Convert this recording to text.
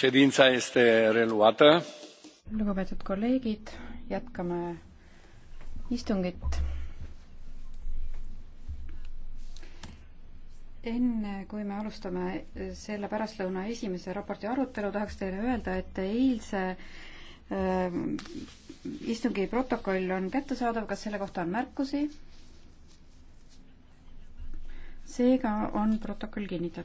ședința este reluată. Lugupeetud kolleegid, jätkame istungit. enne kui me alustame selle pärastlõuna esimese raporti arutelu, tahaks teile öelda, et eilse äh, istungi protokoll on kättesaadav, kas selle kohta on märkusi? seega on protokoll kinnitatud.